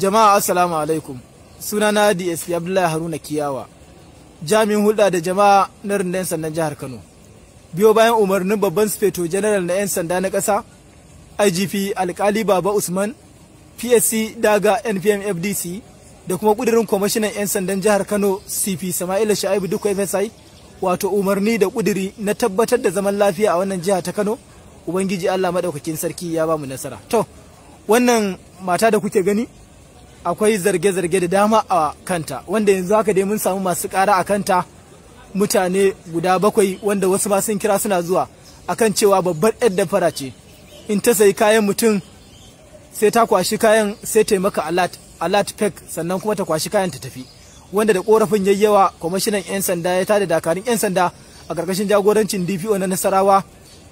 Jama'a assalamu alaikum. Sunana DSP Abdullahi Haruna Kiyawa. Jami'in hulɗa da jama'a na 'yan sandan jihar Kano. Biyo bayan umarnin babban sufeto janaral na 'yan sanda na ƙasa, IGP Alkali Baba Usman, PSC Daga NPM FDC, da kuma ƙudurin kwamishinan 'yan sandan jihar Kano CP Sama'ila Sha'ibu duk FSI, wato umarni da ƙuduri na tabbatar da zaman lafiya a wannan jiha ta Kano, Ubangiji Allah Maɗaukakin Sarki ya ba mu nasara. To, wannan mata da kuke gani, akwai zarge-zarge da dama a kanta wanda yanzu haka dai mun samu masu kara a kanta mutane guda bakwai wanda wasu ma sun kira suna zuwa akan cewa babbar yadda fara ce in ta sayi kayan mutum sai ta kwashi kayan sai ta maka alat alat pack sannan kuma ta kwashi kayan ta tafi wanda da korafin yayyawa kwamishinan 'yan sanda ya tada dakarun 'yan sanda a karkashin jagorancin dpo na nasarawa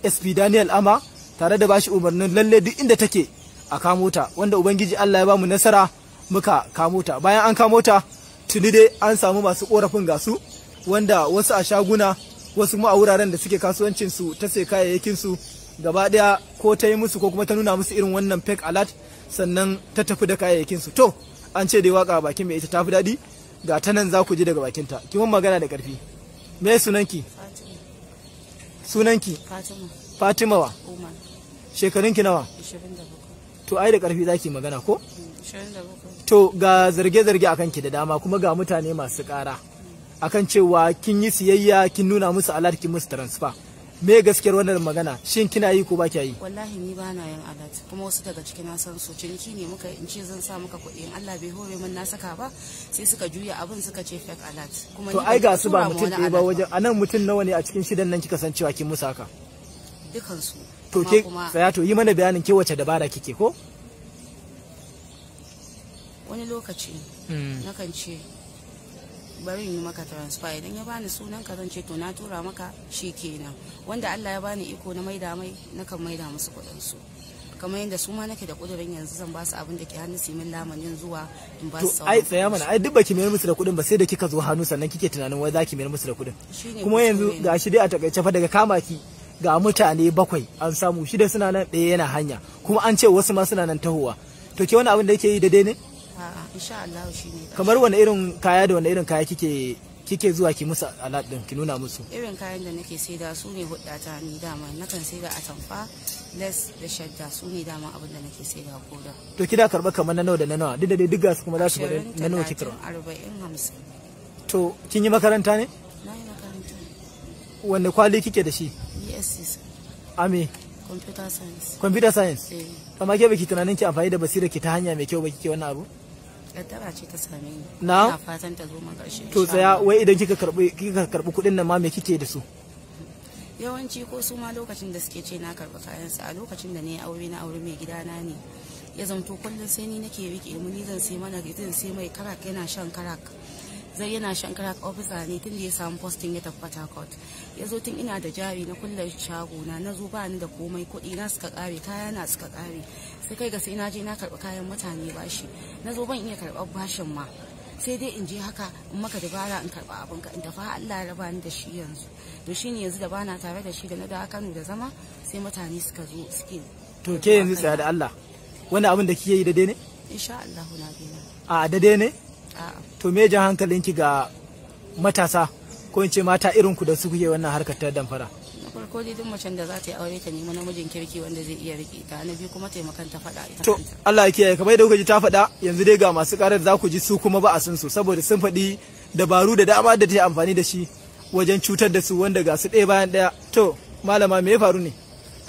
sp daniel ama tare da bashi umarnin lalle duk inda take a kamota wanda ubangiji allah ya bamu nasara muka kamo ta bayan an kamo ta tuni dai an samu masu korafin gasu wanda wasu a shaguna wasu kuma a wuraren da suke kasuwancin su ta sai kayayyakin su gaba daya ko ta yi musu ko kuma ta nuna musu irin wannan fake alert sannan ta tafi da kayayyakin su to an ce dai waka bakin mai ita tafi daɗi ga ta nan za ku ji daga bakin ta kiman magana da karfi me sunanki sunanki fatima fatimawa shekarunki nawa 27 to ai da karfi zaki magana ko mm. to ga zarge-zarge akan ki da dama kuma ga mutane masu kara akan cewa kin yi siyayya kin nuna musu alert kin musu transfer me gaskiyar wannan magana shin kina yi ko ba kya yi wallahi ni ba na yin alat kuma wasu daga cikin na san su ciniki ne muka in ce zan sa muka kuɗi in Allah bai hore min na saka ba sai suka juya abin suka ce fake alat kuma to ai ga su ba mutum ne ba wajen anan mutum nawa ne a cikin shidan nan kika san cewa kin musu haka su. to ke tsaya to yi mana bayanin ke wace dabara kike ko wani lokaci hmm. na kan ce bari yi maka transfer idan ya bani sunan ka zan ce to na tura maka shi kenan wanda Allah ya bani iko na maida mai kan maida musu kuɗin su kamar yadda su ma nake da kudurin yanzu zan ba su abin da ke hannu su min lamanin zuwa in ba su ai tsaya mana ai duk baki mayar musu da kudin ba sai da kika zo hannu sannan kike tunanin wai zaki mayar musu da kudin kuma yanzu ga shi dai a takaice fa daga kama ki ga mutane bakwai an samu shida suna nan ɗaya yana hanya kuma an ce wasu ma suna nan tahowa to ke wani abin da yake yi daidai ne insha Allah ne kamar wani irin kaya da wani irin kaya kike kike zuwa ki musu alat din ki nuna musu irin kayan da nake saida su ne hudata ni dama nakan saida atamfa less da shadda su ne dama abin da nake saida ko da to kida karba kamar na nawa da na nawa duk da dai duk su kuma za su bada na nawa ki karba 40 50 to kin yi makaranta ne na yi makaranta wanda kwali kike da shi yes ami computer science computer science eh. amma ke baki tunanin ki amfani da basira ki ta hanya mai kyau baki ke wannan abu kaddara ce ta same ni na fatan ta zo to tsaya wai idan kika karbi kika karbi kuɗin nan ma me kike da su yawanci ko su ma lokacin da suke ce na karbi kayan su a lokacin da ne aure na aure mai gidana ne ya zamto kullum sai ni nake rike mu ni zan sai mana zan sai mai karak yana shan karak zai yana shankara ofisa ne tun da ya samu postin ya tabbata court ya zo tun ina da jari na kulle shago na na zo bani da komai kuɗi na suka kare kaya na suka kare sai kai ga sai na je na karɓi kayan mutane bashi na zo ban iya karɓar bashin ma sai dai in je haka in maka dabara in karba abin ka in tafa Allah ya raba ni da shi yanzu to shine yanzu da bana tare da shi da na da Kano da zama sai mutane suka zo suke to ke yanzu tsaya da Allah wanda abin da kike yi da dai ne insha Allah na dai a da dai ne a'a to me jan hankalinki ga matasa ko in ce mata irin ku da su kuke wannan harkar ta damfara na farko dai duk macen da za ta yi aure ta nemi namijin kirki wanda zai iya rike ta na biyu kuma taimakon ta faɗa ita to Allah ya kiyaye kamar da kuka ji ta fada yanzu dai ga masu karar za ku ji su kuma ba a san su saboda sun faɗi dabaru da dama da ta yi amfani da shi wajen cutar da su wanda ga su ɗaya bayan ɗaya to malama me ya faru ne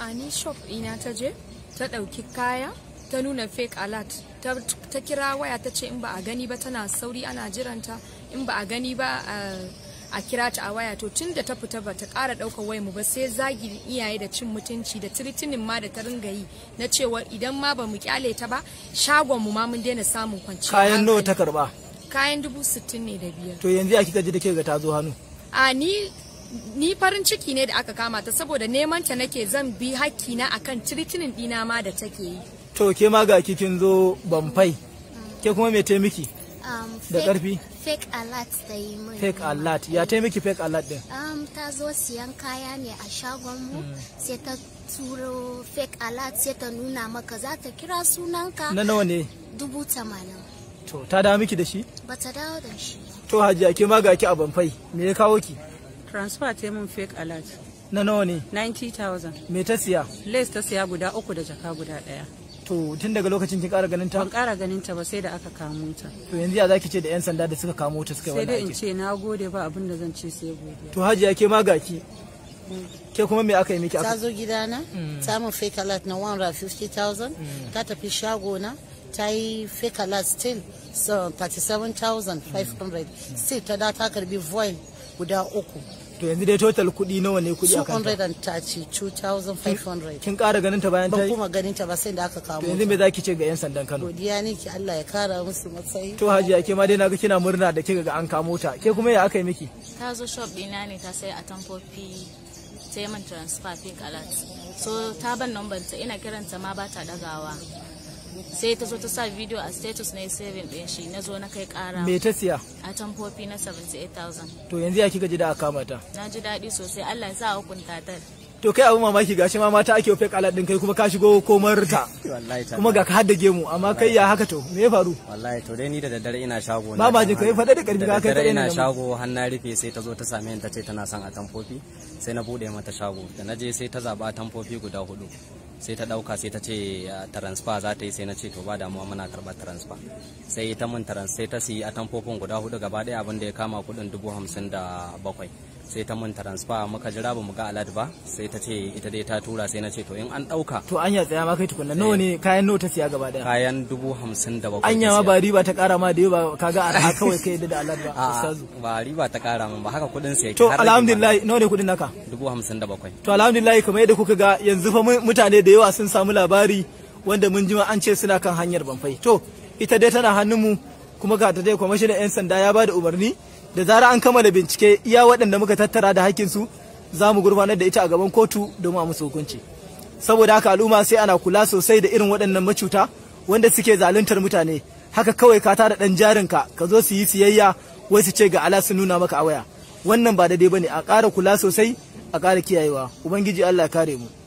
a ni shop ina ta je ta ɗauki kaya ta nuna fake alert ta kira waya ta ce in ba a gani ba tana sauri ana jiranta in ba a gani ba a kira ta a waya to tun da ta fita ba ta ƙara ɗaukar wayanmu mu ba sai zagi iyaye da cin mutunci da tiritinin ma da ta ringa yi na cewa idan ma ba mu kyale ta ba shagon mu ma mun daina samun kwanciya kayan nawa ta karba kayan dubu sittin ne da biyar to yanzu a kika ji da ke ga ta zo hannu a ni ni farin ciki ne da aka kama ta saboda neman ta nake zan bi hakki na akan tiritinin dina ma da take yi to ke ma ga kikin zo bamfai ke kuma me taimaki um, da karfi fake alert da yi mai fake alert ya taimaki fake alert din um, ta zo siyan kaya ne a shagon mu hmm. sai ta turo fake alert sai ta nuna maka za ta kira sunanka na nawa ne dubu tamanin to ta da miki da shi ba ta dawo da shi to hajiya ke ma ga ki a bamfai me ya kawo ki transfer ta mun fake alert na nawa ne 90000 me ta siya less ta siya guda uku da jaka guda daya to tun daga lokacin kin kara ganin ta ban kara ganin ta ba sai da aka kamo ta to yanzu ya zaki ce da yan sanda da suka kamo ta suka yi wannan sai dai in ce na gode ba abin da zan ce sai gode to hajiya ke ma gaki mm. ke kuma me aka yi miki ta zo gidana mm. ta mun fake alert na 150000 mm. ta tafi shagona ta yi fake alert still so 37500 sai ta da ta karbi voil guda uku to yanzu dai total kuɗi nawa ne kuɗi a kanta 2500. kin ƙara ganin ta bayan ta ban kuma ganin ta ba sai da aka kawo to yanzu me zaki ce ga yan sandan Kano godiya ne ki Allah ya kara musu matsayi to hajiya ke ma dai ga kina murna da kika ga an kamo ta ke kuma ya aka yi miki ta zo shop ɗina ne ta sai a tamfofi ta yi min transfer pink alert so ta ban number ta ina kiranta ma ba ta dagawa sai ta zo ta sa video a status na saving din shi na zo na kai kara me ta siya a tamfofi na 78000 to yanzu ya kika ji da aka mata na ji daɗi sosai Allah ya sa hukunta ta to kai abu mamaki gashi ma mata ake fake alat din kai kuma ka shigo komar ta kuma ga ka haddage mu amma kai ya haka to me ya faru wallahi to dai ni da daddare ina shago na ji kai faɗa da karfi ka kai ina shago har na rufe sai ta zo ta same ni ta ce tana son a tamfofi sai na bude mata shago da na je sai ta zaba tamfofi guda hudu sai ta ɗauka sai ta ce transfer za ta yi sai na ce to ba damuwa muna karɓar transfer sai ta mun transfer sai ta siyi atamfofin guda hudu gaba ɗaya abin da ya kama kuɗin dubu hamsin da bakwai sai ta mun transfer muka jira ba mu ga alad ba sai ta ce ita dai ta tura sai na ce to in an dauka to anya tsaya ma kai tukunna nawa ne eh. kayan nota ta siya gaba daya kayan dubu hamsin da bakwai anya ma ba riba ta kara ma da yau ba kaga arha kawai kai da alad ba ustazu ba riba ta kara ma ba haka kudin sai to alhamdulillah nawa ne kudin naka dubu hamsin da bakwai to alhamdulillah kamar yadda kuka ga yanzu fa mutane da yawa sun samu labari wanda mun ji an ce suna kan hanyar banfai to ita dai tana mu kuma ga ta dai kwamashinan 'yan sanda ya ba da umarni da zara an kammala bincike iya waɗanda muka tattara da hakkin su za mu gurbanar da ita a gaban kotu domin a musu hukunci saboda haka al'umma sai ana kula sosai da irin waɗannan macuta wanda suke zaluntar mutane haka kawai ka tara ɗan jarin ka ka zo su yi siyayya wai su ce ga ala su nuna maka a waya wannan ba da daidai bane a ƙara kula sosai a ƙara kiyayewa ubangiji Allah ya kare mu